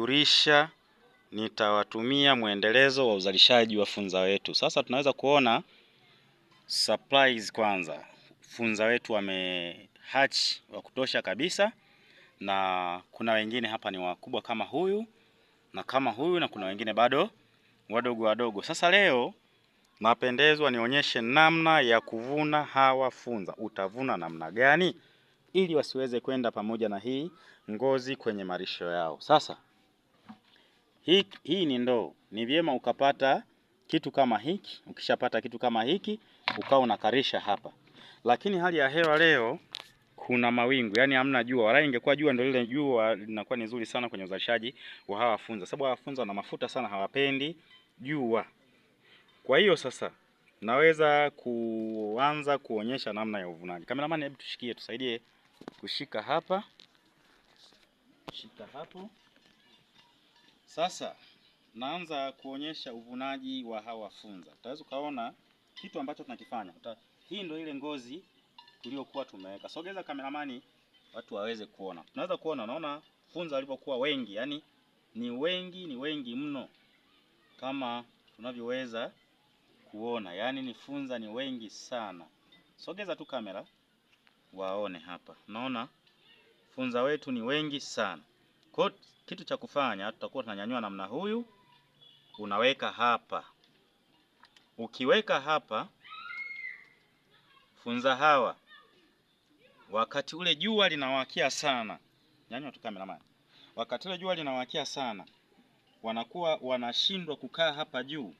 kujulisha nitawatumia mwendelezo wa uzalishaji wa funza wetu. Sasa tunaweza kuona supplies kwanza, funza wetu hatch wa kutosha kabisa, na kuna wengine hapa ni wakubwa kama huyu na kama huyu, na kuna wengine bado wadogo wadogo. Sasa leo napendezwa nionyeshe namna ya kuvuna hawa funza. Utavuna namna gani ili wasiweze kwenda pamoja na hii ngozi kwenye malisho yao? Sasa hii, hii ni ndoo. Ni vyema ukapata kitu kama hiki. Ukishapata kitu kama hiki, ukawa unakarisha hapa, lakini hali ya hewa leo kuna mawingu, yani hamna jua. Wala ingekuwa jua ndio lile jua linakuwa ni nzuri sana kwenye uzalishaji wa hawa funza, sababu hawa funza wana mafuta sana, hawapendi jua. Kwa hiyo sasa naweza kuanza kuonyesha namna ya uvunaji. Kameramani, hebu tushikie, tusaidie kushika hapa, shika hapo. Sasa naanza kuonyesha uvunaji wa hawa funza. Utaweza ukaona kitu ambacho tunakifanya. Hii ndio ile ngozi tuliyokuwa tumeweka. Sogeza kameramani watu waweze kuona. Tunaweza kuona, unaona funza walipokuwa wengi, yani ni wengi, ni wengi mno kama tunavyoweza kuona, yani ni funza ni wengi sana. Sogeza tu kamera waone hapa, naona funza wetu ni wengi sana. Kwa kitu cha kufanya tutakuwa tunanyanyua namna huyu, unaweka hapa. Ukiweka hapa funza hawa, wakati ule jua linawakia sana, nyanyua tu kameramani, wakati ule jua linawakia sana, wanakuwa wanashindwa kukaa hapa juu,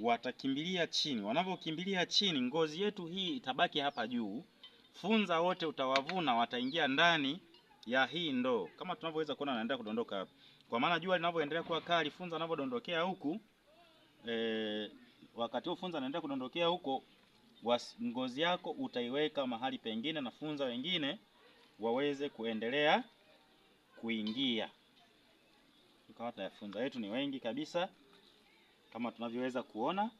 watakimbilia chini. Wanavyokimbilia chini, ngozi yetu hii itabaki hapa juu. Funza wote utawavuna, wataingia ndani ya hii ndoo, kama tunavyoweza kuona anaendelea kudondoka hapa, kwa maana jua linavyoendelea kuwa kali, funza anavyodondokea huku e, wakati huo funza anaendelea kudondokea huko, ngozi yako utaiweka mahali pengine na funza wengine waweze kuendelea kuingia. Tukawata funza yetu ni wengi kabisa, kama tunavyoweza kuona,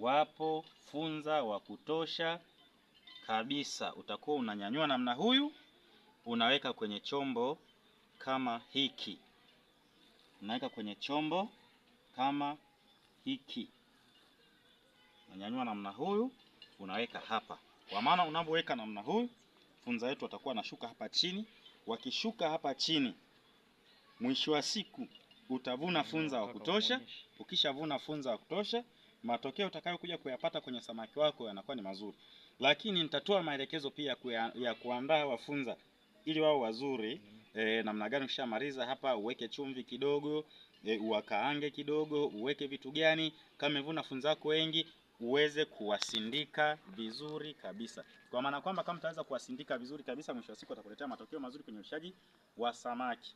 wapo funza wa kutosha kabisa. Utakuwa unanyanyua namna huyu unaweka kwenye chombo kama hiki, unaweka kwenye chombo kama hiki, unanyanyua namna huyu, unaweka hapa. Kwa maana unapoweka namna huyu, funza wetu watakuwa wanashuka hapa chini. Wakishuka hapa chini, mwisho wa siku utavuna funza wa kutosha. Ukishavuna funza wa kutosha, matokeo utakayokuja kuyapata kwenye samaki wako yanakuwa ni mazuri, lakini nitatoa maelekezo pia ya kuandaa wafunza ili wao wazuri e, namna gani? Ukishamaliza hapa uweke chumvi kidogo e, uwakaange kidogo, uweke vitu gani, kama hivyo wanafunzi wako wengi uweze kuwasindika vizuri kabisa, kwa maana kwamba kama utaweza kuwasindika vizuri kabisa, mwisho wa siku atakuletea matokeo mazuri kwenye ushaji wa samaki.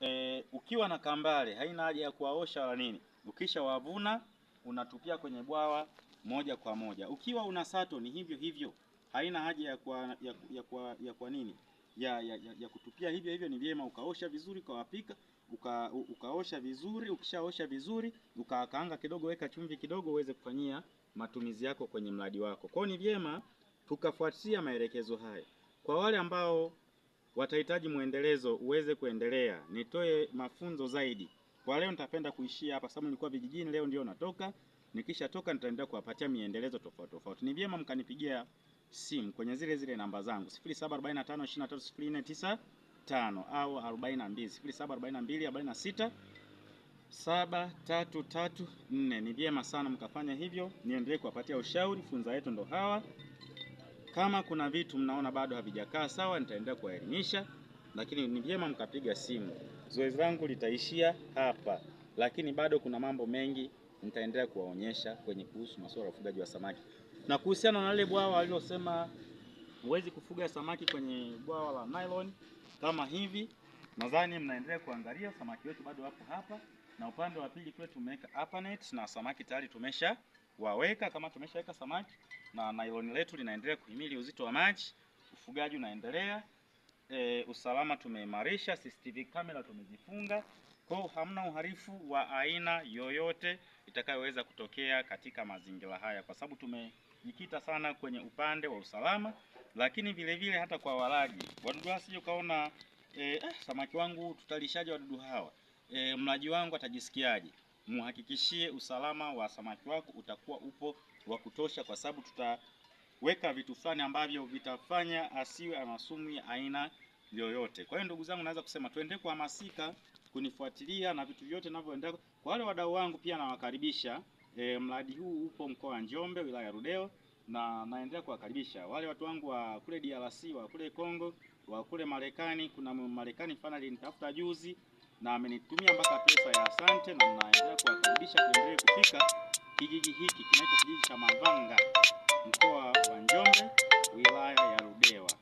E, ukiwa na kambale haina haja ya kuwaosha wala nini, ukisha wavuna unatupia kwenye bwawa moja kwa moja. Ukiwa una sato ni hivyo hivyo haina haja ya kwa, ya, ya, kwa, ya kwa nini ya, ya, ya, ya kutupia hivyo hivyo. Ni vyema ukaosha vizuri ukawapika uka, ukaosha vizuri. Ukishaosha vizuri ukakaanga kidogo, weka chumvi kidogo, uweze kufanyia matumizi yako kwenye mradi wako. Kwao ni vyema tukafuatia maelekezo haya Kwa wale ambao watahitaji mwendelezo uweze kuendelea, nitoe mafunzo zaidi. Kwa leo nitapenda kuishia hapa, sababu nilikuwa vijijini, leo ndio natoka. Nikishatoka nitaendelea kuwapatia miendelezo tofauti tofauti. Ni vyema mkanipigia simu kwenye zile zile namba zangu 0745230495 au 42 0742 4673334. Ni vyema sana mkafanya hivyo, niendelee kuwapatia ushauri. Funza yetu ndo hawa. Kama kuna vitu mnaona bado havijakaa sawa, nitaendelea kuwaelimisha, lakini ni vyema mkapiga simu. Zoezi langu litaishia hapa, lakini bado kuna mambo mengi nitaendelea kuwaonyesha kwenye kuhusu masuala ya ufugaji wa samaki. Na kuhusiana na lile bwawa alilosema huwezi kufuga samaki kwenye bwawa la nylon kama hivi, nadhani mnaendelea kuangalia samaki wetu bado wapo hapa, na upande wa pili kule tumeweka upper net na samaki tayari tumesha waweka kama tumeshaweka samaki na nylon letu linaendelea kuhimili uzito wa maji. Ufugaji unaendelea e, usalama tumeimarisha, CCTV kamera tumezifunga, kwa hamna uharifu wa aina yoyote itakayoweza kutokea katika mazingira haya, kwa sababu tume tumejikita sana kwenye upande wa usalama, lakini vile vile hata kwa walaji wadudu hawa sije ukaona eh, ah, samaki wangu tutalishaje wadudu hawa e, mlaji wangu atajisikiaje? Muhakikishie usalama wa samaki wako utakuwa upo wa kutosha, kwa sababu tutaweka vitu fulani ambavyo vitafanya asiwe ana sumu ya aina yoyote. Kwa hiyo ndugu zangu, naweza kusema tuende kuhamasika kunifuatilia na vitu vyote ninavyoenda. Kwa wale wadau wangu pia nawakaribisha E, mradi huu upo mkoa wa Njombe, wilaya ya Rudeo na naendelea kuwakaribisha wale watu wangu wa kule DRC, wa kule Kongo, wa kule Marekani. Kuna Marekani fana alinitafuta juzi na amenitumia mpaka pesa ya asante, na naendelea kuwakaribisha kuendelee kufika kijiji hiki kinaitwa kijiji cha Mavanga, mkoa wa Njombe.